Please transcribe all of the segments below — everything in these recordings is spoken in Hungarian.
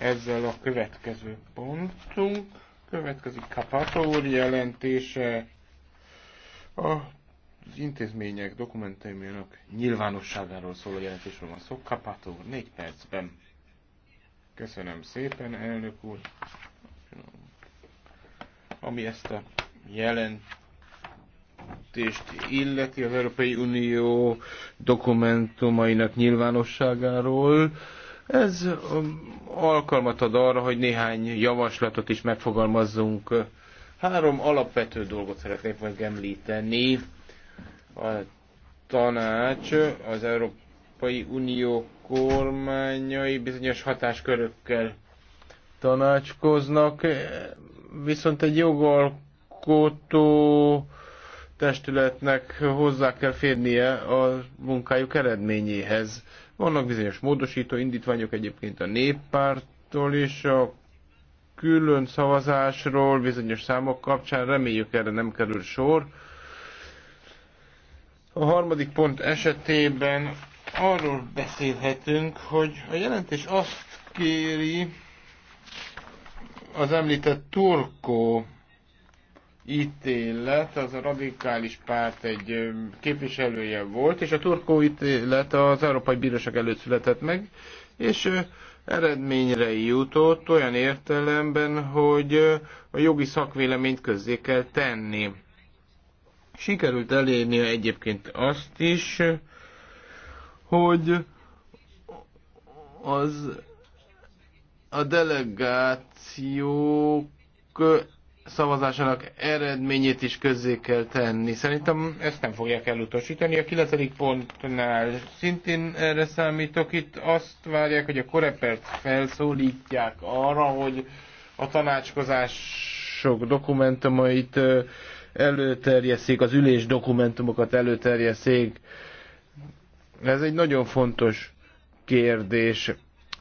Ezzel a következő pontunk következik Kapator jelentése az intézmények dokumentumjának nyilvánosságáról szóló jelentésről van szó. Kapató, négy percben. Köszönöm szépen, elnök úr. Ami ezt a jelentést jelentést illeti az Európai Unió dokumentumainak nyilvánosságáról. Ez um, alkalmat ad arra, hogy néhány javaslatot is megfogalmazzunk. Három alapvető dolgot szeretnék megemlíteni. A tanács, az Európai Unió kormányai bizonyos hatáskörökkel tanácskoznak, viszont egy jogalkotó testületnek hozzá kell férnie a munkájuk eredményéhez. Vannak bizonyos módosító indítványok egyébként a néppártól is, a külön szavazásról bizonyos számok kapcsán, reméljük erre nem kerül sor. A harmadik pont esetében arról beszélhetünk, hogy a jelentés azt kéri, az említett turkó ítélet, az a radikális párt egy képviselője volt, és a turkó ítélet az Európai Bíróság előtt született meg, és eredményre jutott olyan értelemben, hogy a jogi szakvéleményt közzé kell tenni. Sikerült elérni, egyébként azt is, hogy az a delegációk szavazásának eredményét is közzé kell tenni. Szerintem ezt nem fogják elutasítani. A 9. pontnál szintén erre számítok. Itt azt várják, hogy a korepert felszólítják arra, hogy a tanácskozások dokumentumait előterjeszék, az ülés dokumentumokat előterjeszék. Ez egy nagyon fontos kérdés.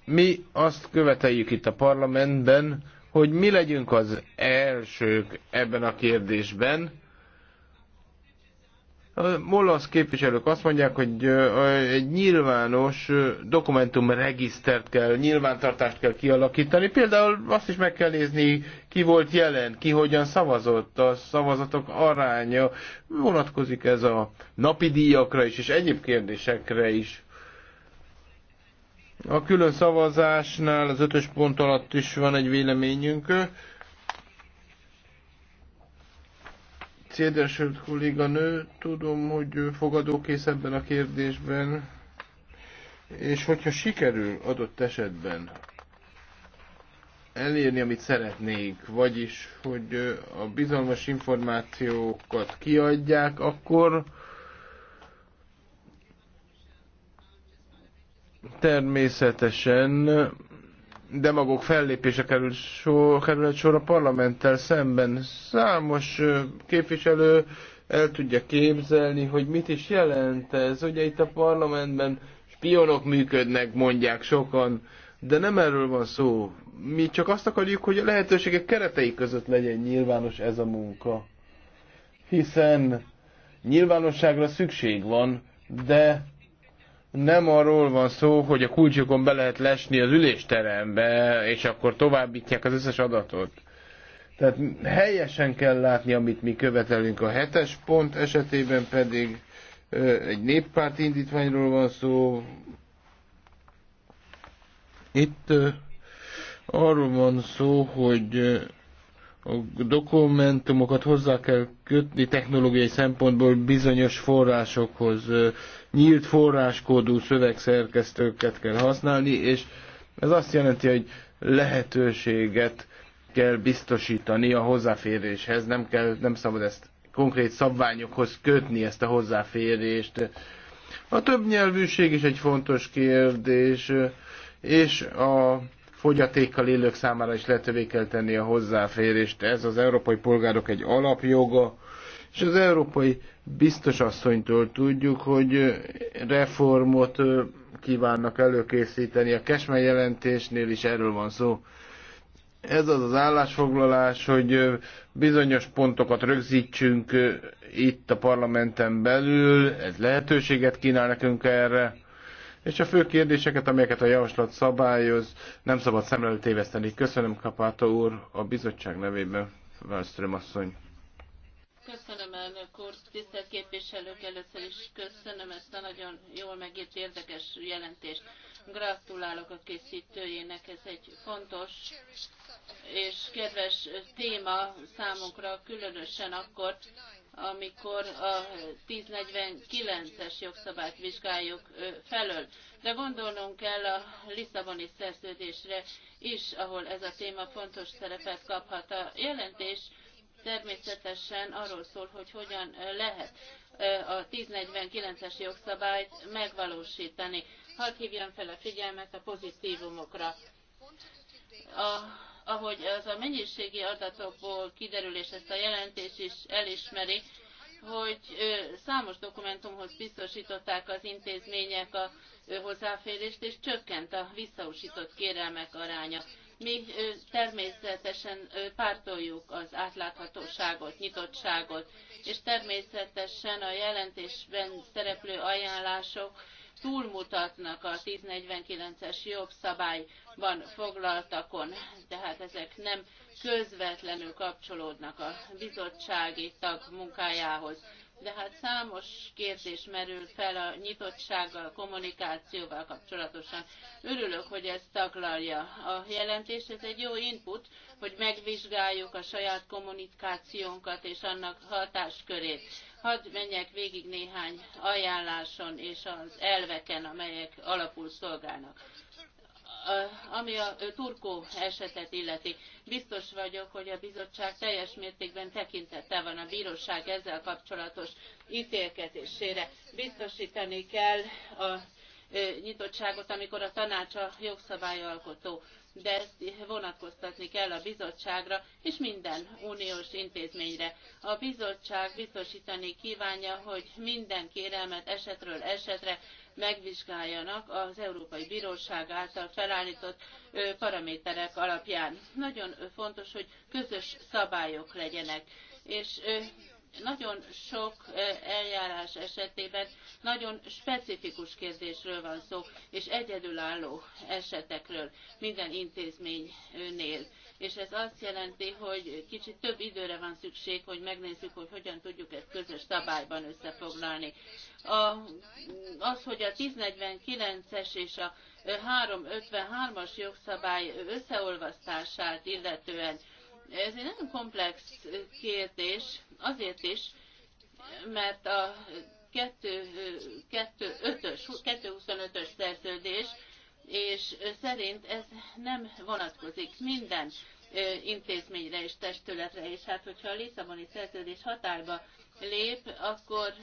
Mi azt követeljük itt a parlamentben, hogy mi legyünk az elsők ebben a kérdésben. A Molasz képviselők azt mondják, hogy egy nyilvános dokumentumregisztert kell, nyilvántartást kell kialakítani. Például azt is meg kell nézni, ki volt jelen, ki hogyan szavazott, a szavazatok aránya. Vonatkozik ez a napi díjakra is, és egyéb kérdésekre is. A külön szavazásnál az ötös pont alatt is van egy véleményünk. Cédesült kolléganő, tudom, hogy ő fogadókész ebben a kérdésben, és hogyha sikerül adott esetben elérni, amit szeretnénk, vagyis, hogy a bizalmas információkat kiadják, akkor Természetesen demagóg fellépése került sor, került sor a parlamenttel szemben. Számos képviselő el tudja képzelni, hogy mit is jelent ez. Ugye itt a parlamentben spionok működnek, mondják sokan, de nem erről van szó. Mi csak azt akarjuk, hogy a lehetőségek keretei között legyen nyilvános ez a munka. Hiszen nyilvánosságra szükség van, de nem arról van szó, hogy a kulcsokon be lehet lesni az ülésterembe, és akkor továbbítják az összes adatot. Tehát helyesen kell látni, amit mi követelünk. A hetes pont esetében pedig egy néppárt indítványról van szó. Itt arról van szó, hogy a dokumentumokat hozzá kell kötni technológiai szempontból bizonyos forrásokhoz nyílt forráskódú szövegszerkesztőket kell használni, és ez azt jelenti, hogy lehetőséget kell biztosítani a hozzáféréshez, nem, kell, nem szabad ezt konkrét szabványokhoz kötni ezt a hozzáférést. A többnyelvűség is egy fontos kérdés, és a fogyatékkal élők számára is lehetővé kell tenni a hozzáférést. Ez az európai polgárok egy alapjoga, és az európai biztos asszonytól tudjuk, hogy reformot kívánnak előkészíteni. A Kesme jelentésnél is erről van szó. Ez az az állásfoglalás, hogy bizonyos pontokat rögzítsünk itt a parlamenten belül, ez lehetőséget kínál nekünk erre, és a fő kérdéseket, amelyeket a javaslat szabályoz, nem szabad szem téveszteni. Köszönöm Kapáta úr a bizottság nevében, Wallström asszony. Köszönöm elnök úr Tisztelt képviselők, először is köszönöm ezt a nagyon jól megírt érdekes jelentést. Gratulálok a készítőjének, ez egy fontos és kedves téma számunkra, különösen akkor, amikor a 1049-es jogszabályt vizsgáljuk felől. De gondolnunk kell a Lisszaboni szerződésre is, ahol ez a téma fontos szerepet kaphat. A jelentés természetesen arról szól, hogy hogyan lehet a 1049-es jogszabályt megvalósítani. Hadd hívjam fel a figyelmet a pozitívumokra. A, ahogy az a mennyiségi adatokból kiderül, és ezt a jelentés is elismeri, hogy számos dokumentumhoz biztosították az intézmények a hozzáférést, és csökkent a visszausított kérelmek aránya. Mi természetesen pártoljuk az átláthatóságot, nyitottságot, és természetesen a jelentésben szereplő ajánlások túlmutatnak a 1049-es jogszabályban foglaltakon, tehát ezek nem közvetlenül kapcsolódnak a bizottsági tag munkájához de hát számos kérdés merül fel a nyitottsággal, a kommunikációval kapcsolatosan. Örülök, hogy ez taglalja a jelentés. Ez egy jó input, hogy megvizsgáljuk a saját kommunikációnkat és annak hatáskörét. Hadd menjek végig néhány ajánláson és az elveken, amelyek alapul szolgálnak ami a turkó esetet illeti, biztos vagyok, hogy a bizottság teljes mértékben tekintette van a bíróság ezzel kapcsolatos ítélkezésére. Biztosítani kell a nyitottságot, amikor a tanács a jogszabályalkotó, de ezt vonatkoztatni kell a bizottságra és minden uniós intézményre. A bizottság biztosítani kívánja, hogy minden kérelmet esetről esetre megvizsgáljanak az Európai Bíróság által felállított paraméterek alapján. Nagyon fontos, hogy közös szabályok legyenek, és nagyon sok eljárás esetében nagyon specifikus kérdésről van szó, és egyedülálló esetekről minden intézménynél és ez azt jelenti, hogy kicsit több időre van szükség, hogy megnézzük, hogy hogyan tudjuk ezt közös szabályban összefoglalni. A, az, hogy a 1049-es és a 353-as jogszabály összeolvasztását illetően, ez egy nagyon komplex kérdés, azért is, mert a 225-ös 225 szerződés és szerint ez nem vonatkozik minden intézményre és testületre, és hát hogyha a Lisszaboni szerződés hatályba lép, akkor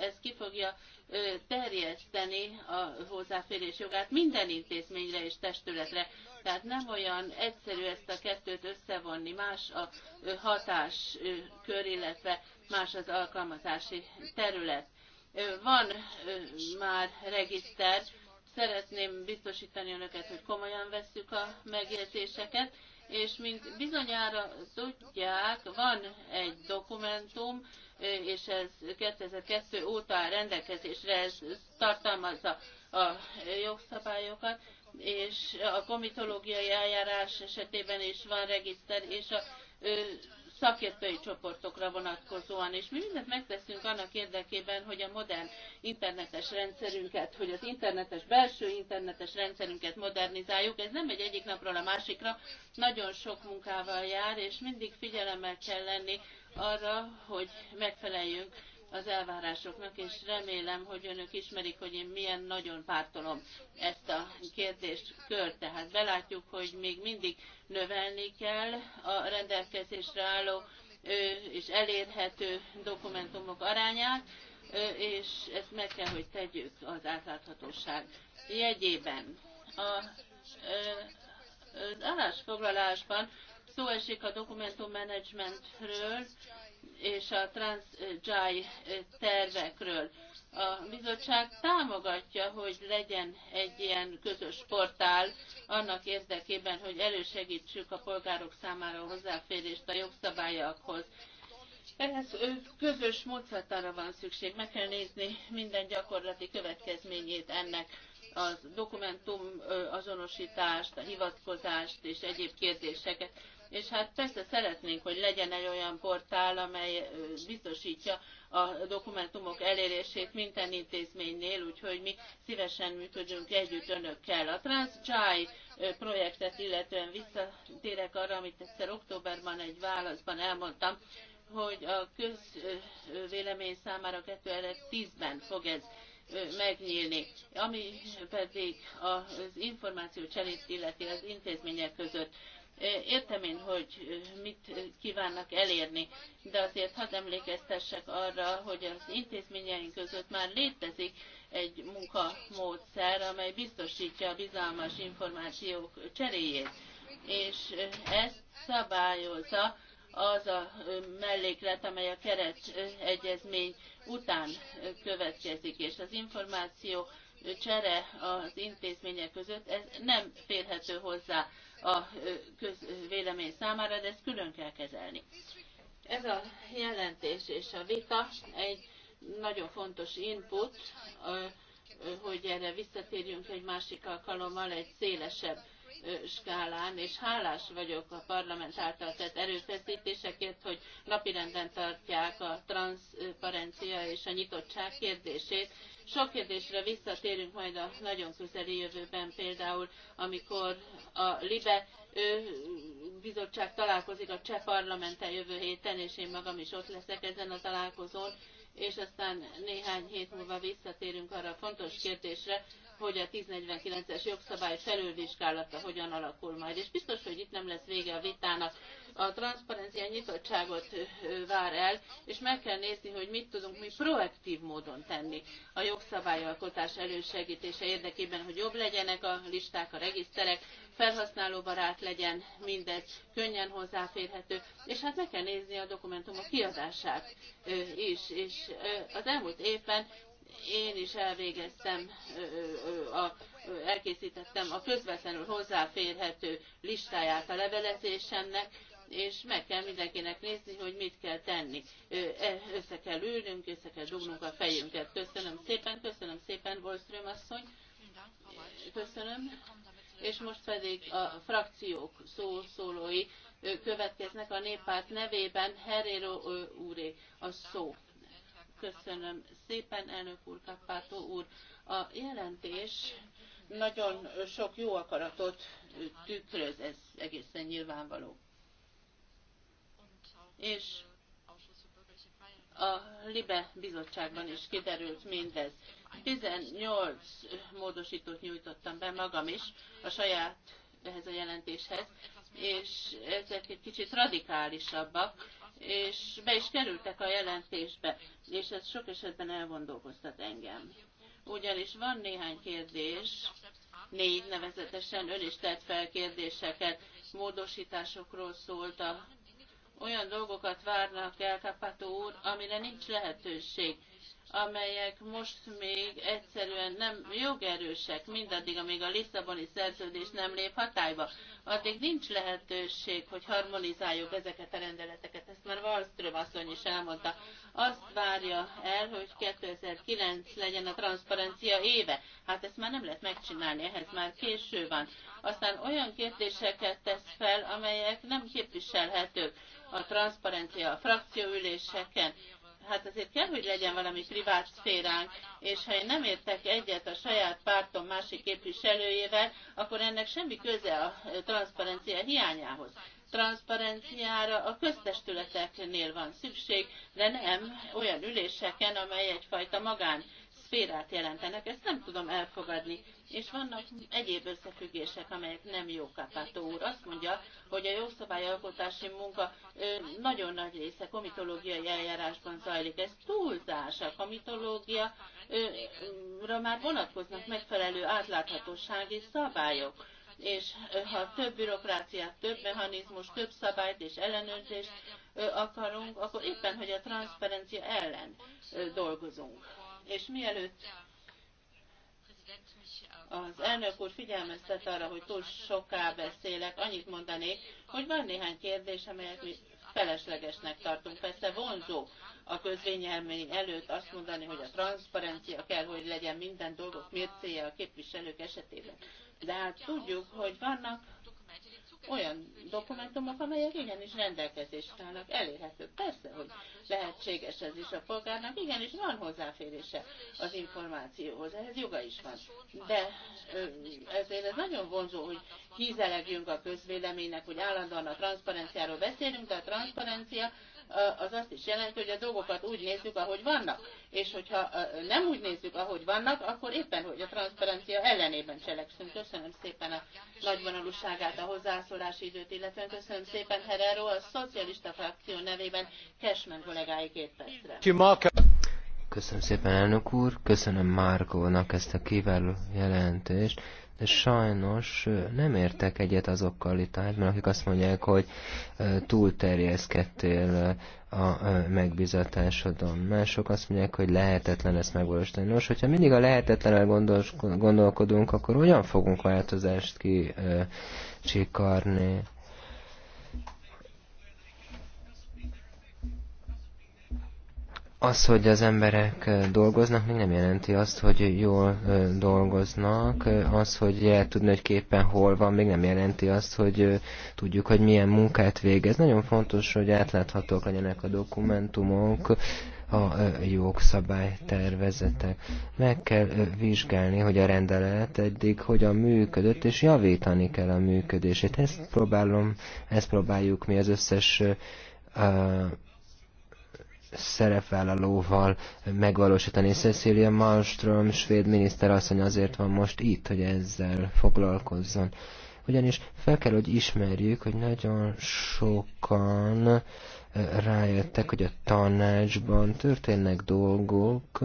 ez ki fogja terjeszteni a hozzáférés jogát minden intézményre és testületre. Tehát nem olyan egyszerű ezt a kettőt összevonni, más a hatáskör, illetve más az alkalmazási terület. Van már regiszter, Szeretném biztosítani önöket, hogy komolyan vesszük a megjegyzéseket, és mint bizonyára tudják, van egy dokumentum, és ez 2002 óta rendelkezésre ez tartalmazza a jogszabályokat, és a komitológiai eljárás esetében is van regiszter, és a szakértői csoportokra vonatkozóan, és mi mindent megteszünk annak érdekében, hogy a modern internetes rendszerünket, hogy az internetes, belső internetes rendszerünket modernizáljuk. Ez nem egy egyik napról a másikra, nagyon sok munkával jár, és mindig figyelemmel kell lenni arra, hogy megfeleljünk az elvárásoknak, és remélem, hogy önök ismerik, hogy én milyen nagyon pártolom ezt a kérdést kör. Tehát belátjuk, hogy még mindig növelni kell a rendelkezésre álló és elérhető dokumentumok arányát, és ezt meg kell, hogy tegyük az átláthatóság jegyében. A, az állásfoglalásban szó esik a dokumentummenedzsmentről, és a TransJai tervekről. A bizottság támogatja, hogy legyen egy ilyen közös portál annak érdekében, hogy elősegítsük a polgárok számára a hozzáférést a jogszabályokhoz. Ehhez közös módszertára van szükség, meg kell nézni minden gyakorlati következményét ennek a dokumentum azonosítást, a hivatkozást és egyéb kérdéseket és hát persze szeretnénk, hogy legyen egy olyan portál, amely biztosítja a dokumentumok elérését minden intézménynél, úgyhogy mi szívesen működünk együtt önökkel. A TransChai projektet illetően visszatérek arra, amit egyszer októberben egy válaszban elmondtam, hogy a közvélemény számára 2010-ben fog ez megnyílni. Ami pedig az információ cserét illeti az intézmények között. Értem én, hogy mit kívánnak elérni, de azért hadd emlékeztessek arra, hogy az intézményeink között már létezik egy munkamódszer, amely biztosítja a bizalmas információk cseréjét, és ezt szabályozza az a melléklet, amely a keret egyezmény után következik, és az információ csere az intézmények között, ez nem férhető hozzá a közvélemény számára, de ezt külön kell kezelni. Ez a jelentés és a vita egy nagyon fontos input, hogy erre visszatérjünk egy másik alkalommal egy szélesebb skálán, és hálás vagyok a parlament által tett erőfeszítésekért, hogy napirenden tartják a transzparencia és a nyitottság kérdését. Sok kérdésre visszatérünk majd a nagyon közeli jövőben, például amikor a LIBE bizottság találkozik a cseh parlamenten jövő héten, és én magam is ott leszek ezen a találkozón, és aztán néhány hét múlva visszatérünk arra a fontos kérdésre, hogy a 1049-es jogszabály felülvizsgálata hogyan alakul majd. És biztos, hogy itt nem lesz vége a vitának. A transzparencia nyitottságot vár el, és meg kell nézni, hogy mit tudunk mi proaktív módon tenni a jogszabályalkotás elősegítése érdekében, hogy jobb legyenek a listák, a regiszterek, felhasználóbarát legyen mindez, könnyen hozzáférhető, és hát meg kell nézni a dokumentumok kiadását is. És az elmúlt évben én is elvégeztem, elkészítettem a közvetlenül hozzáférhető listáját a levelezésemnek, és meg kell mindenkinek nézni, hogy mit kell tenni. E, össze kell ülnünk, össze kell dugnunk a fejünket. Köszönöm szépen, köszönöm szépen, Wolström asszony. Köszönöm. És most pedig a frakciók szó, következnek a néppárt nevében. Herrero úré a szó. Köszönöm szépen, elnök úr, Kappátó úr. A jelentés nagyon sok jó akaratot tükröz, ez egészen nyilvánvaló. És a LIBE bizottságban is kiderült mindez. 18 módosítót nyújtottam be magam is a saját ehhez a jelentéshez, és ezek egy kicsit radikálisabbak, és be is kerültek a jelentésbe, és ez sok esetben elgondolkoztat engem. Ugyanis van néhány kérdés, négy nevezetesen ön is tett fel kérdéseket, módosításokról szólt a olyan dolgokat várnak el Kapató úr, amire nincs lehetőség amelyek most még egyszerűen nem jogerősek, mindaddig, amíg a Lisszaboni szerződés nem lép hatályba. Addig nincs lehetőség, hogy harmonizáljuk ezeket a rendeleteket, ezt már Wallström asszony is elmondta. Azt várja el, hogy 2009 legyen a transzparencia éve. Hát ezt már nem lehet megcsinálni, ehhez már késő van. Aztán olyan kérdéseket tesz fel, amelyek nem képviselhetők a transzparencia a frakcióüléseken, hát azért kell, hogy legyen valami privát szféránk, és ha én nem értek egyet a saját pártom másik képviselőjével, akkor ennek semmi köze a transzparencia hiányához. Transzparenciára a köztestületeknél van szükség, de nem olyan üléseken, amely egyfajta magán szférát jelentenek, ezt nem tudom elfogadni. És vannak egyéb összefüggések, amelyek nem jók. Kapátó úr azt mondja, hogy a jogszabályalkotási munka nagyon nagy része komitológiai eljárásban zajlik. Ez túlzás. A komitológia ra már vonatkoznak megfelelő átláthatósági szabályok és ha több bürokráciát, több mechanizmus, több szabályt és ellenőrzést akarunk, akkor éppen, hogy a transzparencia ellen dolgozunk. És mielőtt az elnök úr figyelmeztet arra, hogy túl soká beszélek, annyit mondanék, hogy van néhány kérdés, amelyet mi feleslegesnek tartunk. Persze vonzó a közvényelmény előtt azt mondani, hogy a transzparencia kell, hogy legyen minden dolgok mércéje a képviselők esetében. De hát tudjuk, hogy vannak olyan dokumentumok, amelyek igenis rendelkezésre állnak, elérhetők. Persze, hogy lehetséges ez is a polgárnak, igenis van hozzáférése az információhoz, ehhez joga is van. De ezért ez nagyon vonzó, hogy hízelegjünk a közvéleménynek, hogy állandóan a transzparenciáról beszélünk, de a transzparencia az azt is jelenti, hogy a dolgokat úgy nézzük, ahogy vannak. És hogyha nem úgy nézzük, ahogy vannak, akkor éppen, hogy a transzparencia ellenében cselekszünk. Köszönöm szépen a nagyvonalúságát, a hozzászólási időt, illetve köszönöm szépen Herero a szocialista frakció nevében Kesmen kollégái két percre. Köszönöm szépen, elnök úr, köszönöm Márkónak ezt a kiváló jelentést de sajnos nem értek egyet azokkal itt a mert akik azt mondják, hogy túlterjeszkedtél a megbizatásodon. Mások azt mondják, hogy lehetetlen ezt megvalósítani. Nos, hogyha mindig a lehetetlenel gondolkodunk, akkor hogyan fogunk változást kicsikarni? az, hogy az emberek dolgoznak, még nem jelenti azt, hogy jól dolgoznak. Az, hogy el tudni, hogy képen hol van, még nem jelenti azt, hogy tudjuk, hogy milyen munkát végez. Nagyon fontos, hogy átláthatók legyenek a dokumentumok, a jogszabálytervezetek. Meg kell vizsgálni, hogy a rendelet eddig hogyan működött, és javítani kell a működését. Ezt próbálom, ezt próbáljuk mi az összes szerepvállalóval megvalósítani. Cecilia Malmström, svéd miniszterasszony azért van most itt, hogy ezzel foglalkozzon. Ugyanis fel kell, hogy ismerjük, hogy nagyon sokan eh, rájöttek, hogy a tanácsban történnek dolgok,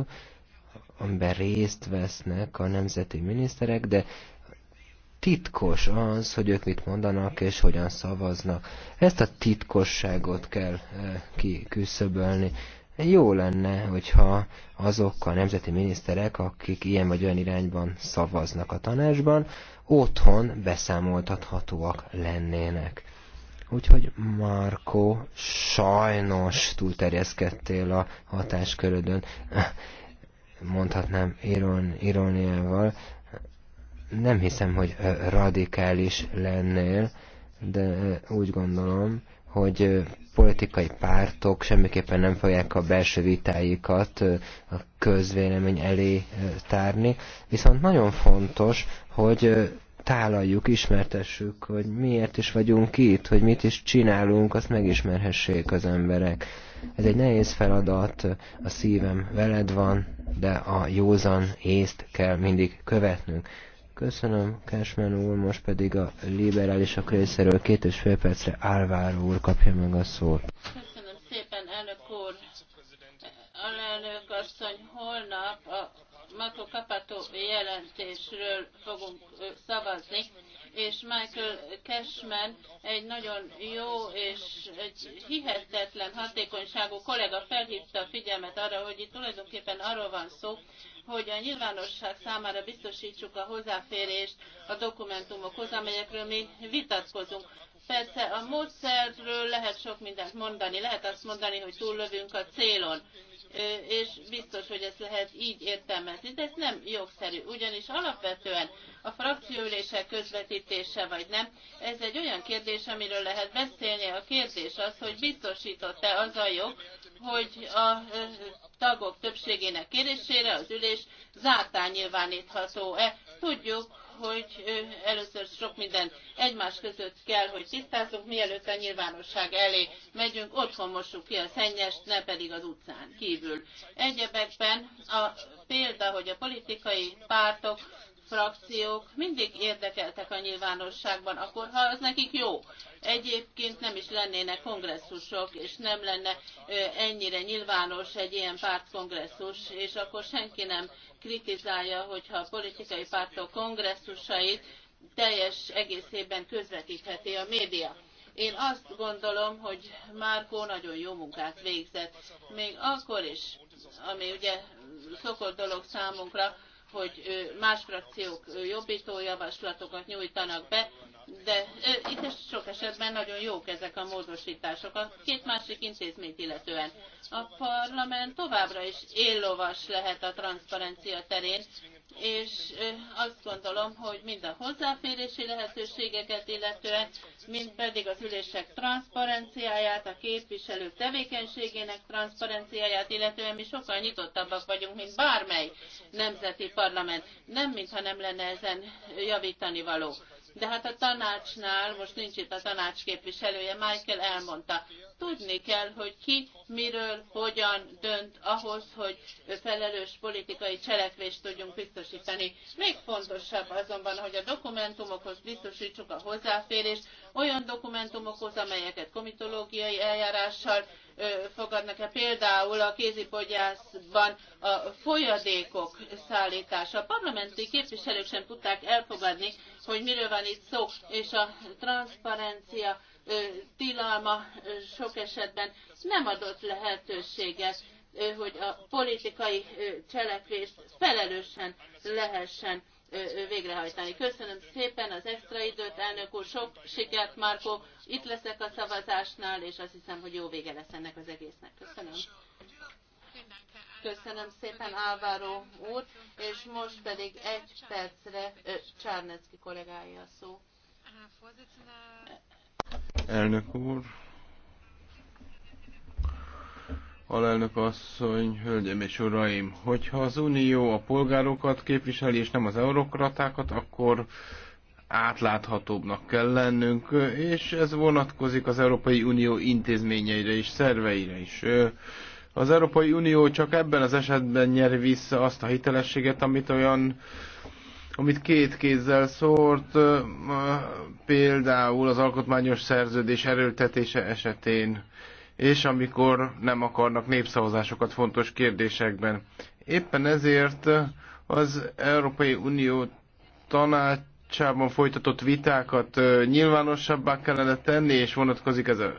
amiben részt vesznek a nemzeti miniszterek, de titkos az, hogy ők mit mondanak és hogyan szavaznak. Ezt a titkosságot kell eh, kiküszöbölni. Jó lenne, hogyha azok a nemzeti miniszterek, akik ilyen vagy olyan irányban szavaznak a tanácsban, otthon beszámoltathatóak lennének. Úgyhogy Marko, sajnos túlterjeszkedtél a hatáskörödön, mondhatnám iron, nem hiszem, hogy radikális lennél, de úgy gondolom, hogy politikai pártok semmiképpen nem fogják a belső vitáikat a közvélemény elé tárni, viszont nagyon fontos, hogy tálaljuk, ismertessük, hogy miért is vagyunk itt, hogy mit is csinálunk, azt megismerhessék az emberek. Ez egy nehéz feladat, a szívem veled van, de a józan észt kell mindig követnünk. Köszönöm, Cashman úr, most pedig a liberálisok részéről két és fél percre Álváró úr kapja meg a szót. Köszönöm szépen, elnök úr. Alelnök asszony, holnap a Mako Capato jelentésről fogunk szavazni, és Michael Cashman egy nagyon jó és egy hihetetlen hatékonyságú kollega felhívta a figyelmet arra, hogy itt tulajdonképpen arról van szó, hogy a nyilvánosság számára biztosítsuk a hozzáférést a dokumentumokhoz, amelyekről mi vitatkozunk. Persze a módszerről lehet sok mindent mondani, lehet azt mondani, hogy túllövünk a célon, és biztos, hogy ezt lehet így értelmezni, de ez nem jogszerű, ugyanis alapvetően a frakcióülések közvetítése vagy nem, ez egy olyan kérdés, amiről lehet beszélni. A kérdés az, hogy biztosított-e az a jog, hogy a tagok többségének kérésére az ülés zártán nyilvánítható-e. Tudjuk, hogy először sok minden egymás között kell, hogy tisztázzunk, mielőtt a nyilvánosság elé megyünk, otthon mossuk ki a szennyest, ne pedig az utcán kívül. Egyebekben a példa, hogy a politikai pártok frakciók mindig érdekeltek a nyilvánosságban, akkor ha az nekik jó. Egyébként nem is lennének kongresszusok, és nem lenne ennyire nyilvános egy ilyen pártkongresszus, és akkor senki nem kritizálja, hogyha a politikai pártok kongresszusait teljes egészében közvetítheti a média. Én azt gondolom, hogy Márkó nagyon jó munkát végzett, még akkor is, ami ugye szokott dolog számunkra, hogy más frakciók jobbító javaslatokat nyújtanak be, de itt is sok esetben nagyon jók ezek a módosítások. A két másik intézményt illetően a parlament továbbra is éllovas lehet a transzparencia terén, és azt gondolom, hogy mind a hozzáférési lehetőségeket illetően, mind pedig az ülések transzparenciáját, a képviselők tevékenységének transzparenciáját illetően mi sokkal nyitottabbak vagyunk, mint bármely nemzeti parlament. Nem mintha nem lenne ezen javítani való de hát a tanácsnál, most nincs itt a tanács képviselője, Michael elmondta, tudni kell, hogy ki miről, hogyan dönt ahhoz, hogy felelős politikai cselekvést tudjunk biztosítani. Még fontosabb azonban, hogy a dokumentumokhoz biztosítsuk a hozzáférést, olyan dokumentumokhoz, amelyeket komitológiai eljárással fogadnak el, például a kézipogyászban a folyadékok szállítása. A parlamenti képviselők sem tudták elfogadni, hogy miről van itt szó, és a transzparencia tilalma sok esetben nem adott lehetőséget hogy a politikai cselekvést felelősen lehessen végrehajtani. Köszönöm szépen az extra időt, elnök úr, sok sikert, Márkó, itt leszek a szavazásnál, és azt hiszem, hogy jó vége lesz ennek az egésznek. Köszönöm. Köszönöm szépen Álváró úr, és most pedig egy percre Csárnecki kollégája a szó. Elnök úr, alelnök asszony, hölgyeim és uraim, hogyha az Unió a polgárokat képviseli, és nem az eurokratákat, akkor átláthatóbbnak kell lennünk, és ez vonatkozik az Európai Unió intézményeire és szerveire is. Az Európai Unió csak ebben az esetben nyer vissza azt a hitelességet, amit olyan amit két kézzel szórt, például az alkotmányos szerződés erőltetése esetén és amikor nem akarnak népszavazásokat fontos kérdésekben. Éppen ezért az Európai Unió tanácsában folytatott vitákat nyilvánosabbá kellene tenni, és vonatkozik ez a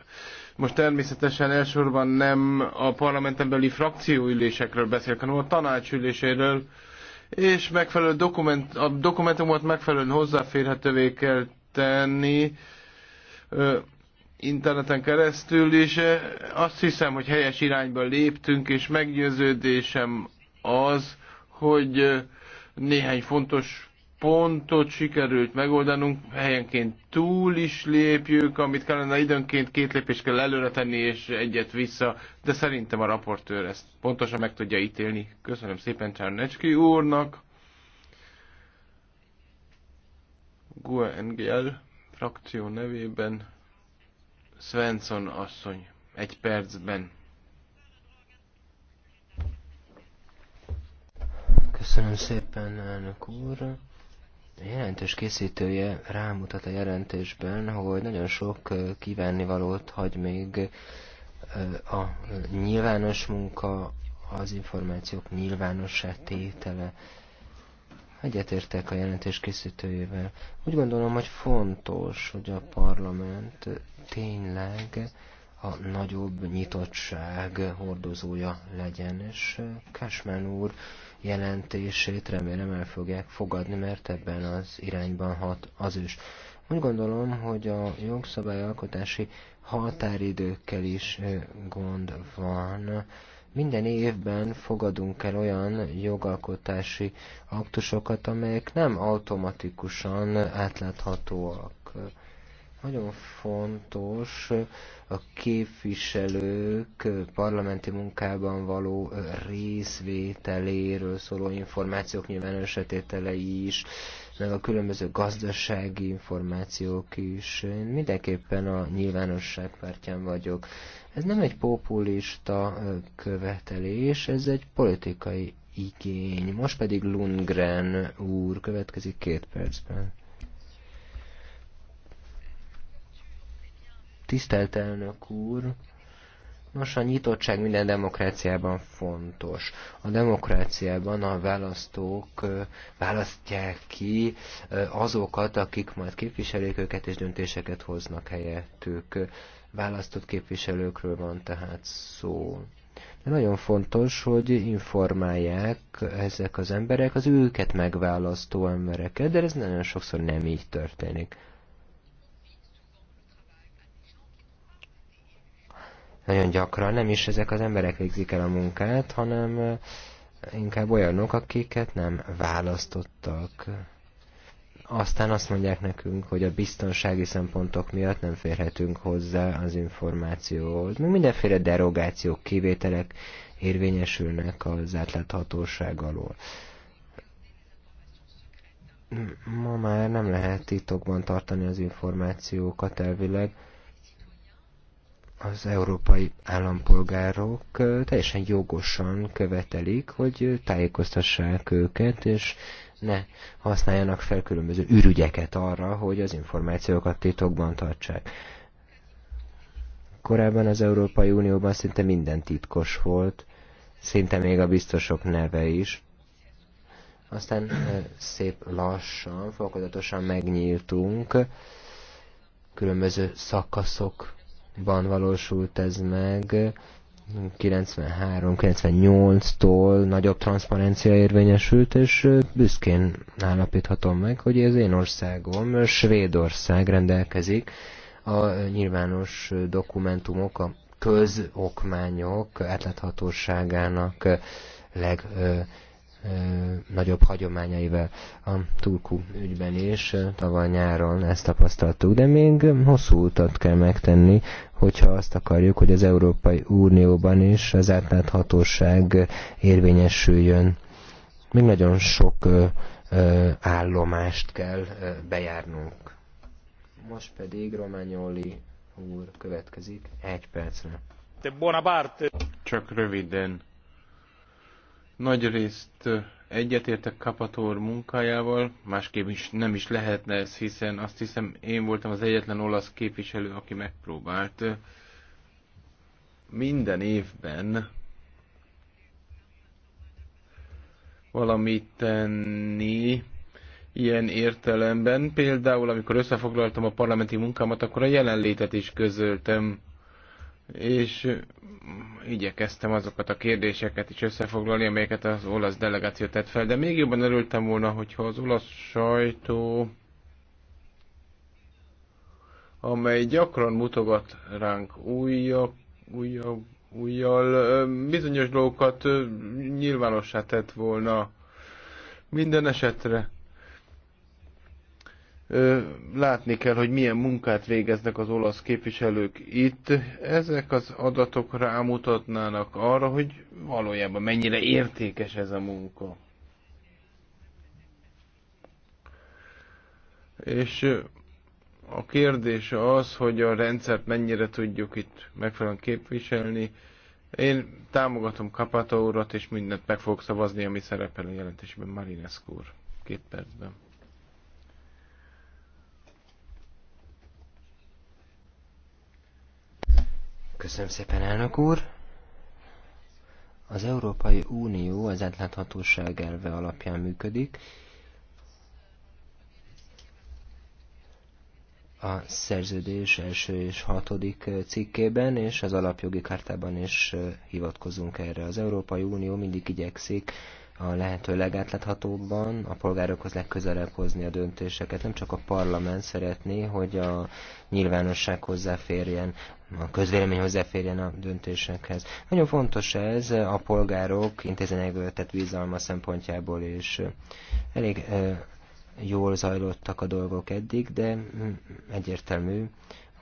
most természetesen elsősorban nem a parlamenten belüli frakcióülésekről beszélek, hanem a tanácsüléséről, és megfelelő dokument, a dokumentumot megfelelően hozzáférhetővé kell tenni interneten keresztül is. Eh, azt hiszem, hogy helyes irányba léptünk, és meggyőződésem az, hogy eh, néhány fontos pontot sikerült megoldanunk, helyenként túl is lépjük, amit kellene időnként két lépést kell előre tenni, és egyet vissza, de szerintem a raportőr ezt pontosan meg tudja ítélni. Köszönöm szépen Csárnecski úrnak. GUE NGL frakció nevében Svensson asszony, egy percben. Köszönöm szépen, elnök úr. A jelentés készítője rámutat a jelentésben, hogy nagyon sok kívánnivalót hagy még a nyilvános munka, az információk nyilvánossá tétele Egyetértek a jelentés készítőjével. Úgy gondolom, hogy fontos, hogy a parlament tényleg a nagyobb nyitottság hordozója legyen, és Cashman úr jelentését remélem el fogják fogadni, mert ebben az irányban hat az is. Úgy gondolom, hogy a jogszabályalkotási határidőkkel is gond van minden évben fogadunk el olyan jogalkotási aktusokat, amelyek nem automatikusan átláthatóak. Nagyon fontos a képviselők parlamenti munkában való részvételéről szóló információk nyilvánosítétele is, meg a különböző gazdasági információk is. Én mindenképpen a nyilvánosság pártján vagyok. Ez nem egy populista követelés, ez egy politikai igény. Most pedig Lundgren úr következik két percben. Tisztelt elnök úr! Nos, a nyitottság minden demokráciában fontos. A demokráciában a választók választják ki azokat, akik majd képviselik őket és döntéseket hoznak helyettük választott képviselőkről van tehát szó. De nagyon fontos, hogy informálják ezek az emberek az őket megválasztó embereket, de ez nagyon sokszor nem így történik. Nagyon gyakran nem is ezek az emberek végzik el a munkát, hanem eh, inkább olyanok, akiket nem választottak aztán azt mondják nekünk, hogy a biztonsági szempontok miatt nem férhetünk hozzá az információhoz. Még mindenféle derogációk, kivételek érvényesülnek az átláthatóság alól. Ma már nem lehet titokban tartani az információkat elvileg. Az európai állampolgárok teljesen jogosan követelik, hogy tájékoztassák őket, és ne használjanak fel különböző ürügyeket arra, hogy az információkat titokban tartsák. Korábban az Európai Unióban szinte minden titkos volt, szinte még a biztosok neve is. Aztán szép lassan, fokozatosan megnyíltunk, különböző szakaszokban valósult ez meg, 93-98-tól nagyobb transzparencia érvényesült, és büszkén állapíthatom meg, hogy az én országom, Svédország rendelkezik a nyilvános dokumentumok, a közokmányok átláthatóságának leg nagyobb hagyományaival a Turku ügyben is tavaly nyáron ezt tapasztaltuk, de még hosszú utat kell megtenni, hogyha azt akarjuk, hogy az Európai Unióban is az átláthatóság érvényesüljön. Még nagyon sok állomást kell bejárnunk. Most pedig Romagnoli úr következik egy percre. Csak röviden nagy részt egyetértek Kapator munkájával, másképp is nem is lehetne ez, hiszen azt hiszem én voltam az egyetlen olasz képviselő, aki megpróbált minden évben valamit tenni ilyen értelemben. Például, amikor összefoglaltam a parlamenti munkámat, akkor a jelenlétet is közöltem és igyekeztem azokat a kérdéseket is összefoglalni, amelyeket az olasz delegáció tett fel, de még jobban örültem volna, hogyha az olasz sajtó, amely gyakran mutogat ránk újabb, újabb, újjal, bizonyos dolgokat nyilvánossá tett volna minden esetre látni kell, hogy milyen munkát végeznek az olasz képviselők itt. Ezek az adatok rámutatnának arra, hogy valójában mennyire értékes ez a munka. És a kérdés az, hogy a rendszert mennyire tudjuk itt megfelelően képviselni. Én támogatom Kapata urat, és mindent meg fogok szavazni, ami szerepel a jelentésben Marinescu úr. Két percben. Köszönöm szépen, elnök úr! Az Európai Unió az átláthatóság elve alapján működik. A szerződés első és hatodik cikkében és az alapjogi kártában is hivatkozunk erre. Az Európai Unió mindig igyekszik a lehető legátláthatóbban a polgárokhoz legközelebb hozni a döntéseket. Nem csak a parlament szeretné, hogy a nyilvánosság hozzáférjen, a közvélemény hozzáférjen a döntésekhez. Nagyon fontos ez a polgárok intézményekből tett bizalma szempontjából is. Elég jól zajlottak a dolgok eddig, de mm, egyértelmű,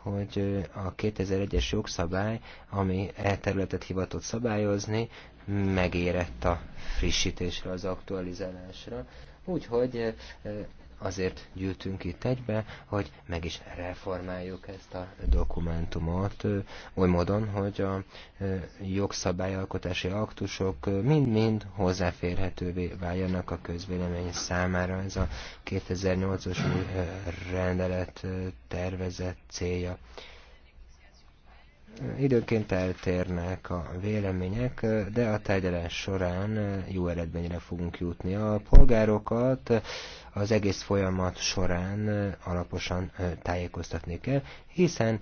hogy a 2001-es jogszabály, ami e területet hivatott szabályozni, megérett a frissítésre, az aktualizálásra. Úgyhogy eh, azért gyűltünk itt egybe, hogy meg is reformáljuk ezt a dokumentumot eh, oly módon, hogy a eh, jogszabályalkotási aktusok mind-mind hozzáférhetővé váljanak a közvélemény számára. Ez a 2008 os új rendelet tervezett célja. Időként eltérnek a vélemények, de a tárgyalás során jó eredményre fogunk jutni. A polgárokat az egész folyamat során alaposan tájékoztatni kell, hiszen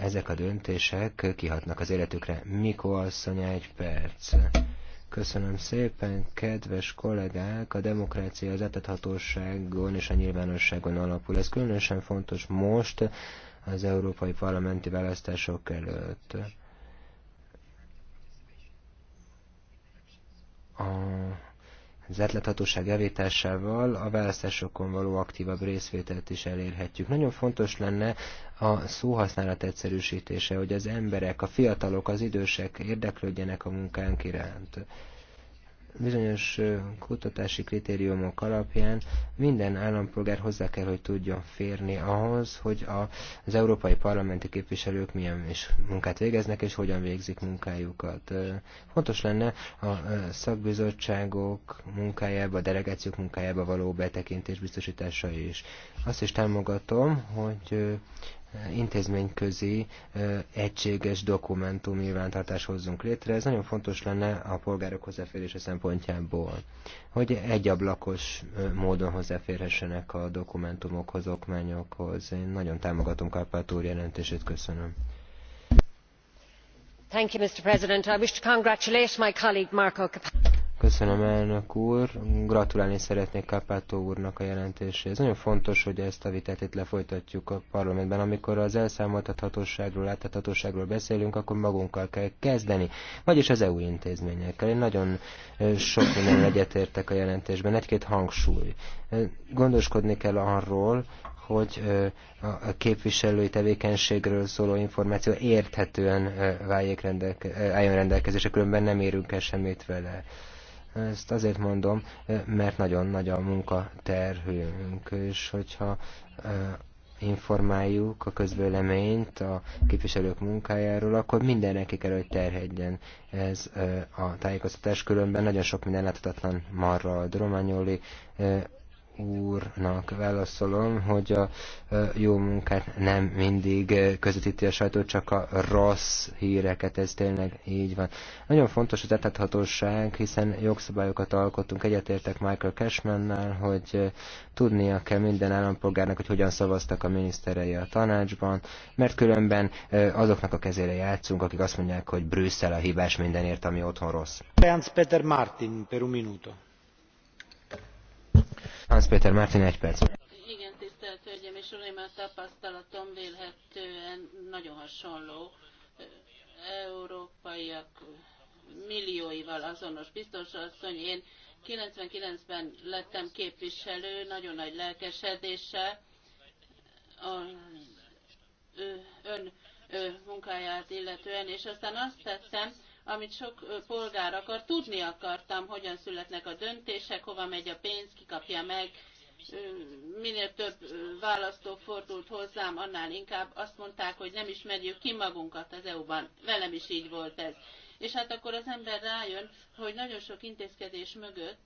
ezek a döntések kihatnak az életükre. Mikó asszony egy perc. Köszönöm szépen, kedves kollégák! A demokrácia az etethatóságon és a nyilvánosságon alapul. Ez különösen fontos most, az európai parlamenti választások előtt. A, az átláthatóság javításával a választásokon való aktívabb részvételt is elérhetjük. Nagyon fontos lenne a szóhasználat egyszerűsítése, hogy az emberek, a fiatalok, az idősek érdeklődjenek a munkánk iránt. Bizonyos kutatási kritériumok alapján minden állampolgár hozzá kell, hogy tudjon férni ahhoz, hogy az európai parlamenti képviselők milyen is munkát végeznek, és hogyan végzik munkájukat. Fontos lenne a szakbizottságok munkájába, a delegációk munkájába való betekintés biztosítása is. Azt is támogatom, hogy intézményközi egységes dokumentum nyilvántartás hozzunk létre. Ez nagyon fontos lenne a polgárok hozzáférése szempontjából, hogy egy ablakos módon hozzáférhessenek a dokumentumokhoz, okmányokhoz. Én nagyon támogatom Kárpát úr jelentését, köszönöm. Thank you, Mr. President. I wish to congratulate my colleague Marco Capaccio. Köszönöm elnök úr. Gratulálni szeretnék Kapátó úrnak a jelentéséhez. Nagyon fontos, hogy ezt a vitát itt lefolytatjuk a parlamentben. Amikor az elszámoltathatóságról, láthatóságról beszélünk, akkor magunkkal kell kezdeni. Vagyis az EU intézményekkel. Én nagyon sok minden egyetértek a jelentésben. Egy-két hangsúly. Gondoskodni kell arról, hogy a képviselői tevékenységről szóló információ érthetően váljék rendelke, álljon rendelkezésre, különben nem érünk el semmit vele. Ezt azért mondom, mert nagyon nagy a munkaterhünk, és hogyha informáljuk a közvéleményt a képviselők munkájáról, akkor mindenki kell, hogy terhedjen ez a tájékoztatás, különben nagyon sok minden láthatatlan marad. Rományoli úrnak válaszolom, hogy a jó munkát nem mindig közvetíti a sajtó, csak a rossz híreket, ez tényleg így van. Nagyon fontos az etethatóság, hiszen jogszabályokat alkottunk, egyetértek Michael Cashmannál, hogy tudnia kell minden állampolgárnak, hogy hogyan szavaztak a miniszterei a tanácsban, mert különben azoknak a kezére játszunk, akik azt mondják, hogy Brüsszel a hibás mindenért, ami otthon rossz. Peter Martin, per un minuto Hans Péter Mártin, egy perc. Igen, tisztelt Hölgyem és Uraim, a tapasztalatom vélhetően nagyon hasonló. Európaiak millióival azonos. Biztos asszony, én 99-ben lettem képviselő, nagyon nagy lelkesedéssel. A, ön, ön munkáját illetően, és aztán azt tettem, amit sok polgár akar. Tudni akartam, hogyan születnek a döntések, hova megy a pénz, ki kapja meg. Minél több választó fordult hozzám, annál inkább azt mondták, hogy nem ismerjük ki magunkat az EU-ban. Velem is így volt ez. És hát akkor az ember rájön, hogy nagyon sok intézkedés mögött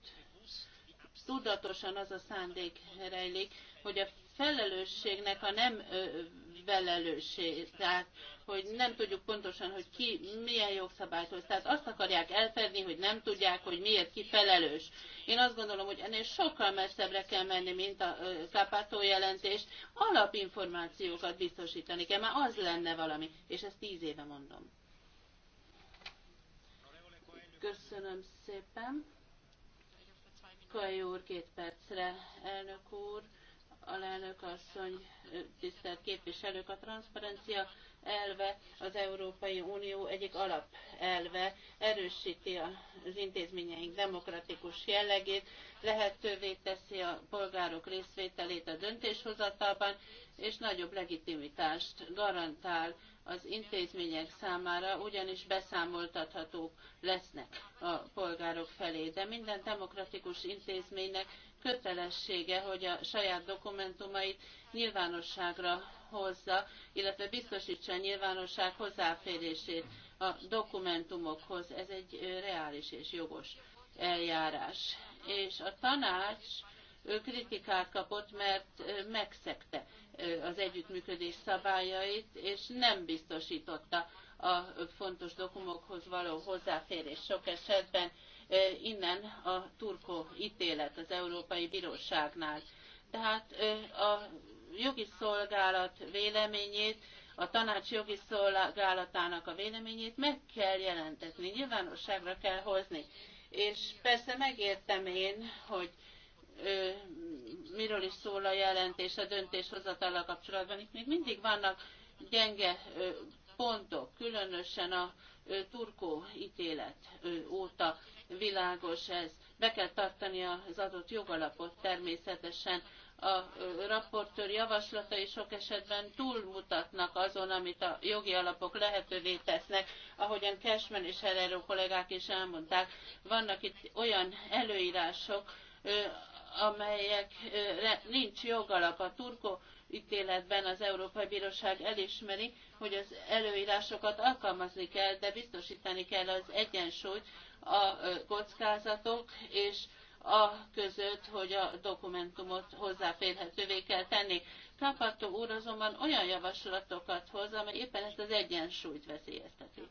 tudatosan az a szándék rejlik, hogy a felelősségnek a nem felelőssé, tehát hogy nem tudjuk pontosan, hogy ki milyen jogszabályt hoz. Tehát azt akarják elfedni, hogy nem tudják, hogy miért ki felelős. Én azt gondolom, hogy ennél sokkal messzebbre kell menni, mint a Kapátó jelentés. Alapinformációkat biztosítani kell, mert az lenne valami, és ezt tíz éve mondom. Köszönöm szépen. Kajó úr, két percre, elnök úr alelnök asszony, tisztelt képviselők, a transzparencia elve az Európai Unió egyik alapelve, erősíti az intézményeink demokratikus jellegét, lehetővé teszi a polgárok részvételét a döntéshozatalban, és nagyobb legitimitást garantál az intézmények számára, ugyanis beszámoltathatók lesznek a polgárok felé. De minden demokratikus intézménynek kötelessége, hogy a saját dokumentumait nyilvánosságra hozza, illetve biztosítsa a nyilvánosság hozzáférését a dokumentumokhoz. Ez egy reális és jogos eljárás. És a tanács ő kritikát kapott, mert megszegte az együttműködés szabályait, és nem biztosította a fontos dokumokhoz való hozzáférés sok esetben innen a turkó ítélet az Európai Bíróságnál. Tehát a jogi szolgálat véleményét, a tanács jogi szolgálatának a véleményét meg kell jelentetni, nyilvánosságra kell hozni. És persze megértem én, hogy ö, miről is szól a jelentés a döntéshozatallal kapcsolatban. Itt még mindig vannak gyenge ö, pontok, különösen a turkó ítélet óta világos ez. Be kell tartani az adott jogalapot természetesen. A raportőr javaslatai sok esetben túlmutatnak azon, amit a jogi alapok lehetővé tesznek. Ahogyan Cashman és Herrero kollégák is elmondták, vannak itt olyan előírások, amelyekre nincs jogalap. A turkó ítéletben az Európai Bíróság elismeri, hogy az előírásokat alkalmazni kell, de biztosítani kell az egyensúlyt a kockázatok és a között, hogy a dokumentumot hozzáférhetővé kell tenni. Kapató úr azonban olyan javaslatokat hoz, amely éppen ezt az egyensúlyt veszélyezteti.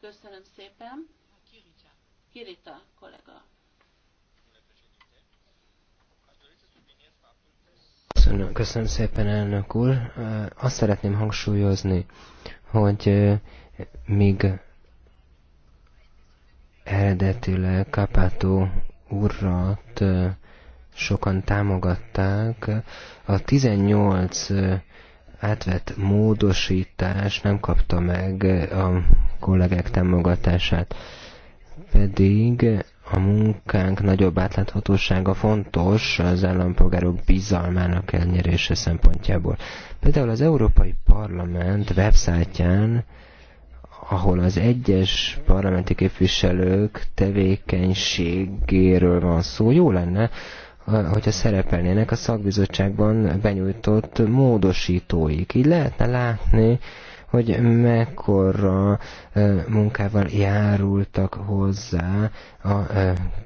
Köszönöm szépen. Kirita kollega. Köszönöm, köszönöm szépen, elnök úr. Azt szeretném hangsúlyozni, hogy míg eredetileg Kapátó urat sokan támogatták, a 18 átvett módosítás nem kapta meg a kollégák támogatását. Pedig a munkánk nagyobb átláthatósága fontos az állampolgárok bizalmának elnyerése szempontjából. Például az Európai Parlament websájtján ahol az egyes parlamenti képviselők tevékenységéről van szó, jó lenne, hogyha szerepelnének a szakbizottságban benyújtott módosítóik. Így lehetne látni, hogy mekkora munkával járultak hozzá a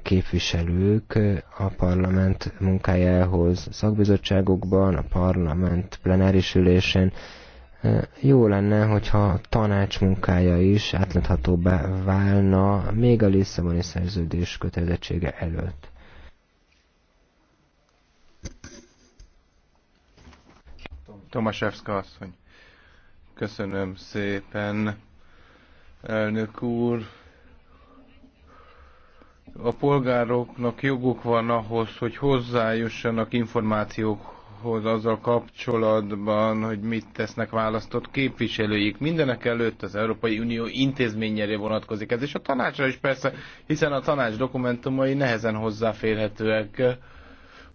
képviselők a parlament munkájához szakbizottságokban, a parlament plenáris ülésén. Jó lenne, hogyha a tanács munkája is átláthatóbbá válna még a Lisszaboni szerződés kötelezettsége előtt. Tomaszewska asszony. Köszönöm szépen, elnök úr. A polgároknak joguk van ahhoz, hogy hozzájussanak információkhoz azzal kapcsolatban, hogy mit tesznek választott képviselőik. Mindenek előtt az Európai Unió intézményére vonatkozik ez, és a tanácsra is persze, hiszen a tanács dokumentumai nehezen hozzáférhetőek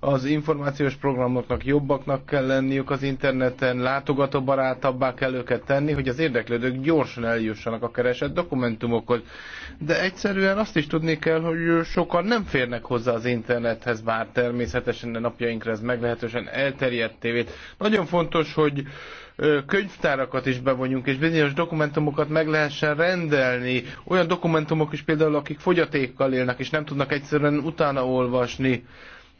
az információs programoknak jobbaknak kell lenniük az interneten, látogatóbarátabbá kell őket tenni, hogy az érdeklődők gyorsan eljussanak a keresett dokumentumokhoz. De egyszerűen azt is tudni kell, hogy sokan nem férnek hozzá az internethez, bár természetesen a napjainkra ez meglehetősen elterjedt tévét. Nagyon fontos, hogy könyvtárakat is bevonjunk, és bizonyos dokumentumokat meg lehessen rendelni. Olyan dokumentumok is például, akik fogyatékkal élnek, és nem tudnak egyszerűen utána olvasni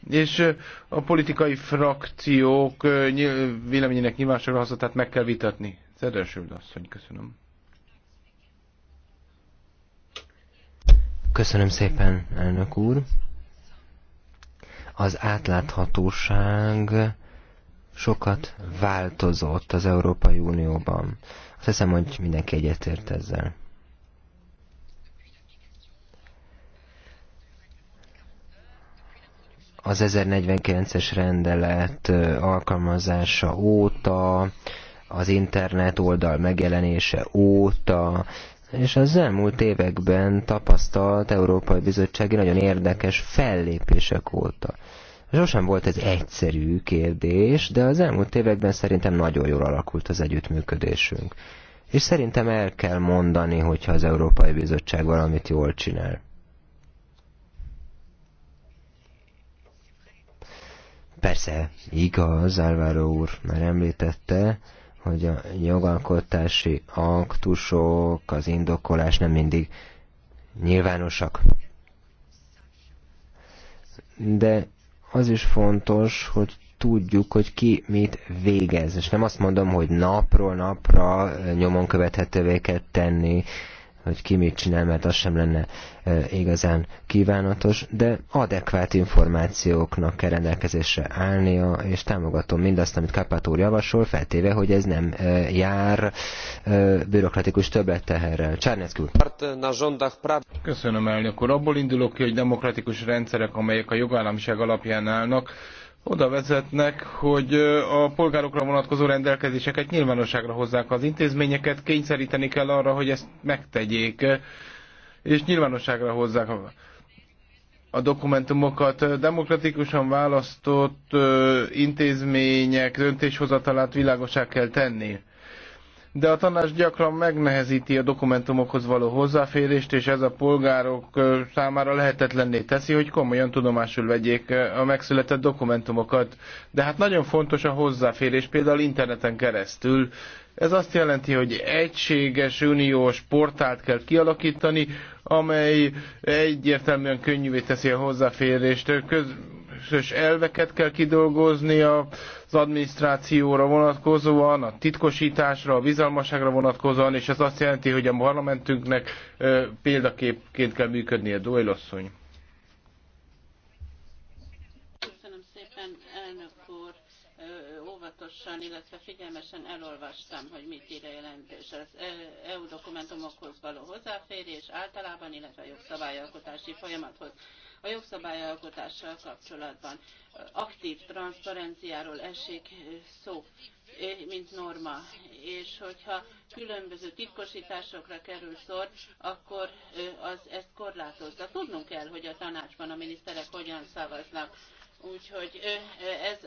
és a politikai frakciók véleményének nyilvánosságra hozatát meg kell vitatni. Szedersőd asszony, köszönöm. Köszönöm szépen, elnök úr. Az átláthatóság sokat változott az Európai Unióban. Azt hiszem, hogy mindenki egyetért ezzel. az 1049-es rendelet alkalmazása óta, az internet oldal megjelenése óta, és az elmúlt években tapasztalt Európai Bizottsági nagyon érdekes fellépések óta. Sosem volt ez egyszerű kérdés, de az elmúlt években szerintem nagyon jól alakult az együttműködésünk. És szerintem el kell mondani, hogyha az Európai Bizottság valamit jól csinál. Persze, igaz, Álvaro úr már említette, hogy a jogalkotási aktusok, az indokolás nem mindig nyilvánosak. De az is fontos, hogy tudjuk, hogy ki mit végez. És nem azt mondom, hogy napról napra nyomon követhetővé kell tenni hogy ki mit csinál, mert az sem lenne igazán kívánatos, de adekvát információknak kell rendelkezésre állnia, és támogatom mindazt, amit Kapát úr javasol, feltéve, hogy ez nem jár bürokratikus többletteherrel. Csárnecki úr. Köszönöm, elnök úr. Abból indulok ki, hogy demokratikus rendszerek, amelyek a jogállamiság alapján állnak, oda vezetnek, hogy a polgárokra vonatkozó rendelkezéseket nyilvánosságra hozzák az intézményeket, kényszeríteni kell arra, hogy ezt megtegyék, és nyilvánosságra hozzák a dokumentumokat. Demokratikusan választott intézmények döntéshozatalát világosá kell tenni de a tanács gyakran megnehezíti a dokumentumokhoz való hozzáférést, és ez a polgárok számára lehetetlenné teszi, hogy komolyan tudomásul vegyék a megszületett dokumentumokat. De hát nagyon fontos a hozzáférés, például interneten keresztül. Ez azt jelenti, hogy egységes uniós portált kell kialakítani, amely egyértelműen könnyűvé teszi a hozzáférést. Köz, közös elveket kell kidolgozni az adminisztrációra vonatkozóan, a titkosításra, a bizalmaságra vonatkozóan, és ez azt jelenti, hogy a parlamentünknek példaképként kell működnie. Doyle asszony. óvatosan, illetve figyelmesen elolvastam, hogy mit ír a jelentés. Az EU dokumentumokhoz való hozzáférés általában, illetve a jogszabályalkotási folyamathoz a jogszabályalkotással kapcsolatban. Aktív transzparenciáról esik szó, mint norma, és hogyha különböző titkosításokra kerül sor, akkor az ezt korlátozza. Tudnunk kell, hogy a tanácsban a miniszterek hogyan szavaznak. Úgyhogy ez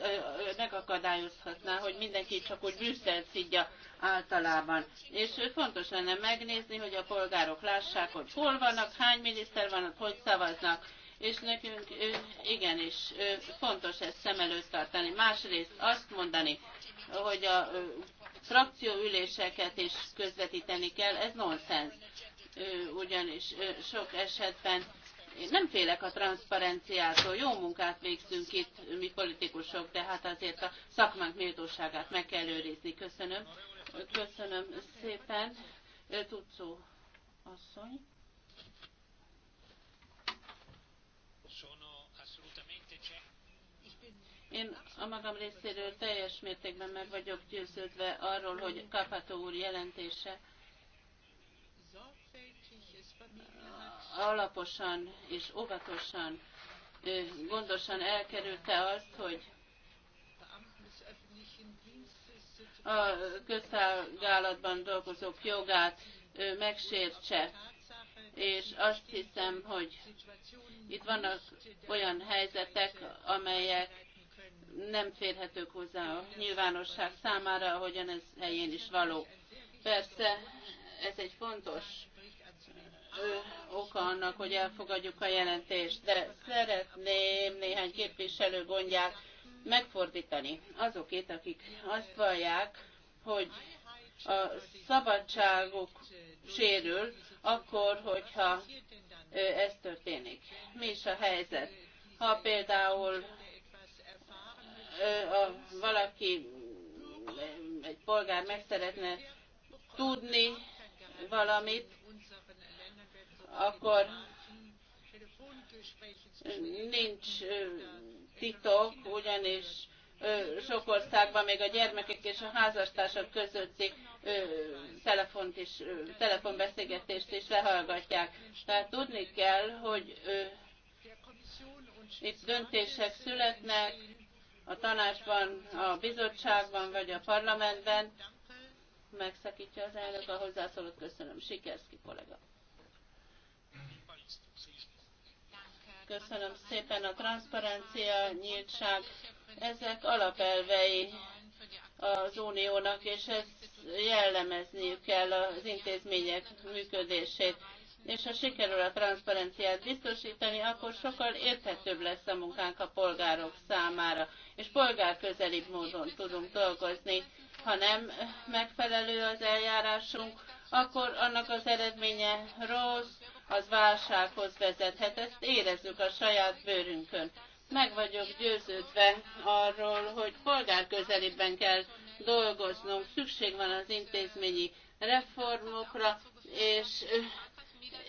megakadályozhatná, hogy mindenki csak úgy Brüsszelt szidja általában. És fontos lenne megnézni, hogy a polgárok lássák, hogy hol vannak, hány miniszter van, hogy szavaznak, és nekünk igenis fontos ezt szem előtt tartani. Másrészt azt mondani, hogy a frakcióüléseket is közvetíteni kell, ez nonsens, ugyanis sok esetben én nem félek a transzparenciától, jó munkát végzünk itt mi politikusok, de hát azért a szakmánk méltóságát meg kell őrizni. Köszönöm. Köszönöm szépen. Tudszó asszony. Én a magam részéről teljes mértékben meg vagyok győződve arról, hogy Kapató úr jelentése alaposan és óvatosan, gondosan elkerülte azt, hogy a közszolgálatban dolgozók jogát megsértse. És azt hiszem, hogy itt vannak olyan helyzetek, amelyek nem férhetők hozzá a nyilvánosság számára, ahogyan ez helyén is való. Persze ez egy fontos oka annak, hogy elfogadjuk a jelentést, de szeretném néhány képviselő gondját megfordítani. Azokét, akik azt vallják, hogy a szabadságuk sérül, akkor, hogyha ez történik. Mi is a helyzet? Ha például ha valaki, egy polgár meg szeretne tudni valamit, akkor nincs titok, ugyanis sok országban még a gyermekek és a házastársak közötti telefont is, telefonbeszélgetést is lehallgatják. Tehát tudni kell, hogy itt döntések születnek, a tanácsban, a bizottságban vagy a parlamentben. Megszakítja az elnök a hozzászólót. Köszönöm. Sikerszki kollega. Köszönöm szépen a transzparencia, nyíltság. Ezek alapelvei az uniónak, és ezt jellemezniük kell az intézmények működését és ha sikerül a transzparenciát biztosítani, akkor sokkal érthetőbb lesz a munkánk a polgárok számára, és polgárközelibb módon tudunk dolgozni. Ha nem megfelelő az eljárásunk, akkor annak az eredménye rossz, az válsághoz vezethet, ezt érezzük a saját bőrünkön. Meg vagyok győződve arról, hogy polgárközelibben kell dolgoznunk, szükség van az intézményi reformokra, és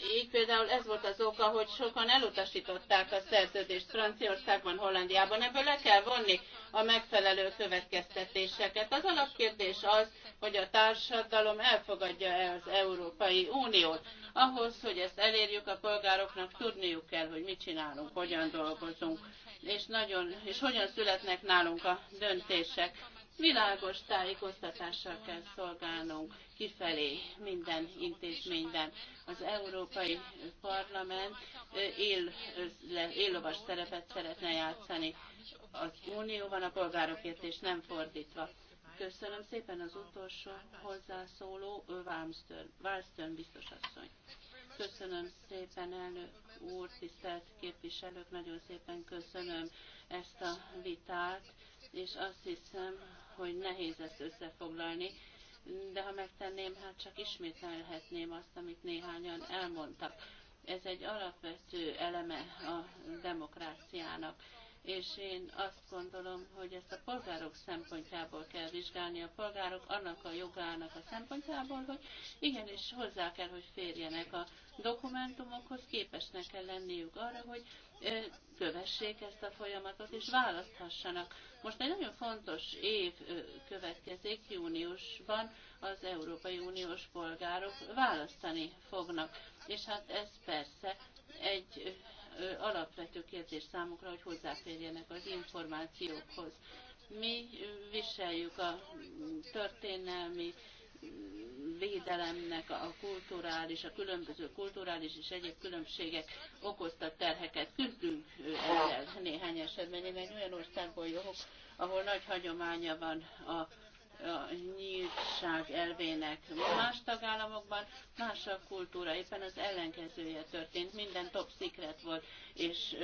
így például ez volt az oka, hogy sokan elutasították a szerződést Franciaországban, Hollandiában. Ebből le kell vonni a megfelelő következtetéseket. Az alapkérdés az, hogy a társadalom elfogadja-e az Európai Uniót. Ahhoz, hogy ezt elérjük, a polgároknak tudniuk kell, hogy mit csinálunk, hogyan dolgozunk, és, nagyon, és hogyan születnek nálunk a döntések világos tájékoztatással kell szolgálnunk kifelé minden intézményben. Az Európai Parlament él, éllovas szerepet szeretne játszani az Unióban a polgárokért, és nem fordítva. Köszönöm szépen az utolsó hozzászóló, Wallström biztosasszony. Köszönöm szépen, elnök úr, tisztelt képviselők, nagyon szépen köszönöm ezt a vitát, és azt hiszem, hogy nehéz ezt összefoglalni, de ha megtenném, hát csak ismételhetném azt, amit néhányan elmondtak. Ez egy alapvető eleme a demokráciának és én azt gondolom, hogy ezt a polgárok szempontjából kell vizsgálni, a polgárok annak a jogának a szempontjából, hogy igenis hozzá kell, hogy férjenek a dokumentumokhoz, képesnek kell lenniük arra, hogy kövessék ezt a folyamatot, és választhassanak. Most egy nagyon fontos év következik, júniusban az Európai Uniós polgárok választani fognak, és hát ez persze egy alapvető kérdés számukra, hogy hozzáférjenek az információkhoz. Mi viseljük a történelmi védelemnek a kulturális, a különböző kulturális és egyéb különbségek okozta terheket. Küzdünk ezzel néhány esetben. Én egy olyan országból jövök, ahol nagy hagyománya van a a nyíltság elvének. Más tagállamokban más a kultúra, éppen az ellenkezője történt, minden top secret volt, és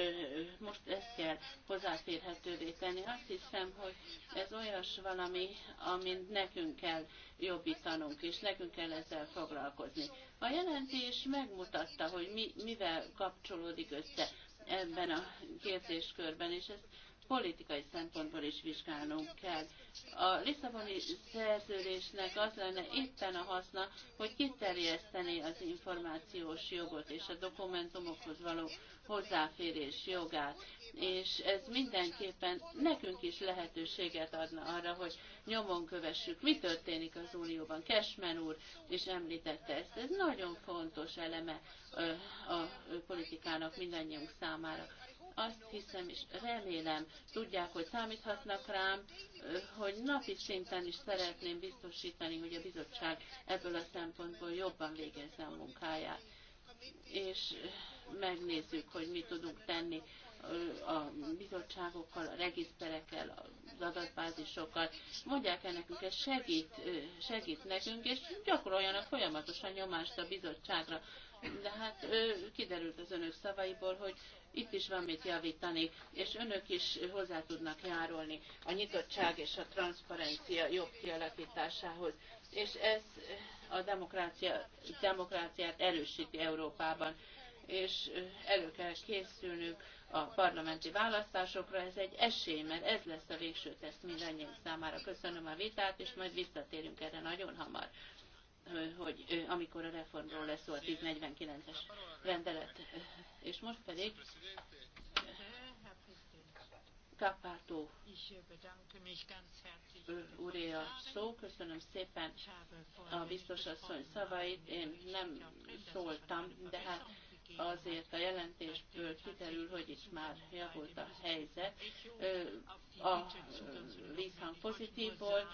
most ezt kell hozzáférhetővé tenni. Azt hiszem, hogy ez olyas valami, amin nekünk kell jobbítanunk, és nekünk kell ezzel foglalkozni. A jelentés megmutatta, hogy mi, mivel kapcsolódik össze ebben a kérdéskörben, és ezt politikai szempontból is vizsgálnunk kell. A Lisszaboni szerződésnek az lenne éppen a haszna, hogy kiterjesztené az információs jogot és a dokumentumokhoz való hozzáférés jogát. És ez mindenképpen nekünk is lehetőséget adna arra, hogy nyomon kövessük, mi történik az Unióban. Kesmen úr is említette ezt. Ez nagyon fontos eleme a politikának mindannyiunk számára azt hiszem és remélem tudják, hogy számíthatnak rám, hogy napi szinten is szeretném biztosítani, hogy a bizottság ebből a szempontból jobban végezze a munkáját és megnézzük, hogy mit tudunk tenni a bizottságokkal, a regiszterekkel, az adatbázisokkal. Mondják el nekünk, ez segít, segít nekünk, és gyakoroljanak folyamatosan nyomást a bizottságra, de hát kiderült az önök szavaiból, hogy itt is van mit javítani, és önök is hozzá tudnak járulni a nyitottság és a transzparencia jobb kialakításához. És ez a demokrácia, demokráciát erősíti Európában és elő kell készülnünk a parlamenti választásokra. Ez egy esély, mert ez lesz a végső teszt mindannyiunk számára. Köszönöm a vitát, és majd visszatérünk erre nagyon hamar hogy amikor a reformról lesz szó a 1049-es rendelet. És most pedig Kapátó úré a szó. Köszönöm szépen a biztosasszony szavait. Én nem szóltam, de hát azért a jelentésből kiderül, hogy itt már javult a helyzet. A vízhang volt.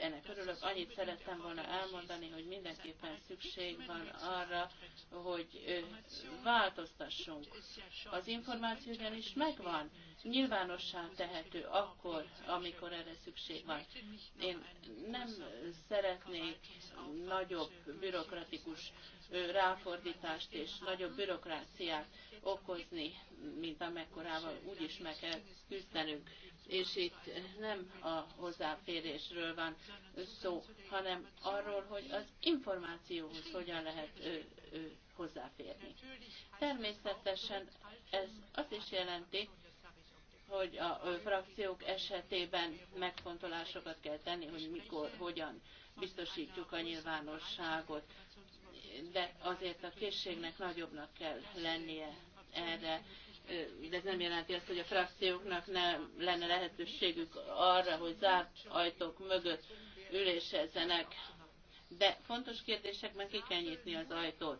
ennek örülök, annyit szerettem volna elmondani, mindenképpen szükség van arra, hogy változtassunk. Az információ ugyanis megvan, nyilvánossá tehető akkor, amikor erre szükség van. Én nem szeretnék nagyobb bürokratikus ráfordítást és nagyobb bürokráciát okozni, mint amekkorával úgyis meg kell küzdenünk és itt nem a hozzáférésről van szó, hanem arról, hogy az információhoz hogyan lehet ő, ő hozzáférni. Természetesen ez azt is jelenti, hogy a frakciók esetében megfontolásokat kell tenni, hogy mikor, hogyan biztosítjuk a nyilvánosságot, de azért a készségnek nagyobbnak kell lennie erre, de ez nem jelenti azt, hogy a frakcióknak nem lenne lehetőségük arra, hogy zárt ajtók mögött ülésezzenek. De fontos kérdésekben ki kell nyitni az ajtót.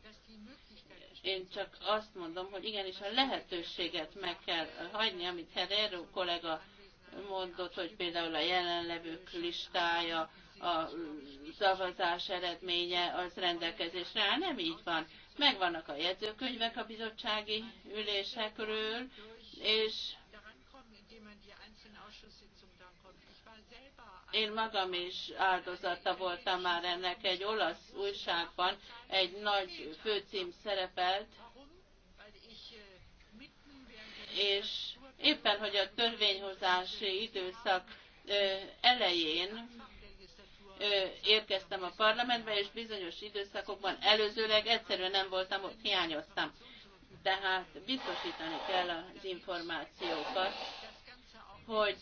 Én csak azt mondom, hogy igenis a lehetőséget meg kell hagyni, amit Herrero kollega mondott, hogy például a jelenlevők listája, a szavazás eredménye az rendelkezésre áll. Nem így van Megvannak a jegyzőkönyvek a bizottsági ülésekről, és én magam is áldozata voltam már ennek egy olasz újságban, egy nagy főcím szerepelt, és éppen, hogy a törvényhozási időszak elején érkeztem a parlamentbe, és bizonyos időszakokban előzőleg egyszerűen nem voltam ott, hiányoztam. Tehát biztosítani kell az információkat, hogy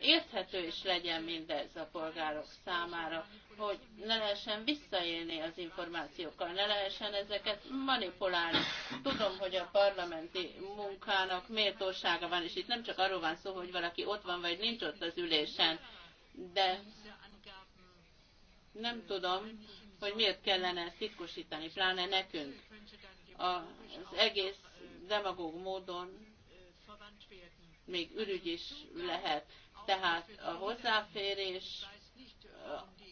érthető is legyen mindez a polgárok számára, hogy ne lehessen visszaélni az információkkal, ne lehessen ezeket manipulálni. Tudom, hogy a parlamenti munkának méltósága van, és itt nem csak arról van szó, hogy valaki ott van vagy nincs ott az ülésen, de nem tudom, hogy miért kellene ezt titkosítani, pláne nekünk. Az egész demagóg módon még ürügy is lehet. Tehát a hozzáférés,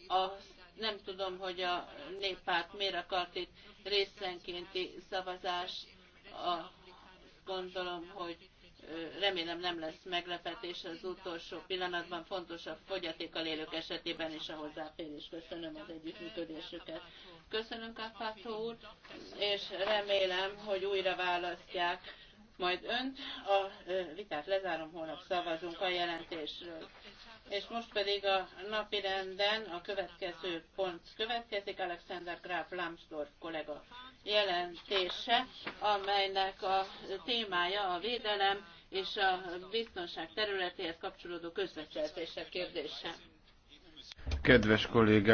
a, nem tudom, hogy a néppárt miért akart itt részenkénti szavazást, a, gondolom, hogy remélem nem lesz meglepetés az utolsó pillanatban, fontos a fogyatékkal élők esetében is a hozzáférés. Köszönöm az együttműködésüket. Köszönöm Kappátó úr, és remélem, hogy újra választják majd önt. A vitát lezárom, holnap szavazunk a jelentésről. És most pedig a napi renden a következő pont következik, Alexander Graf Lambsdorff kollega jelentése, amelynek a témája a védelem, és a biztonság területéhez kapcsolódó közvetjelzések kérdése. Kedves kollégák!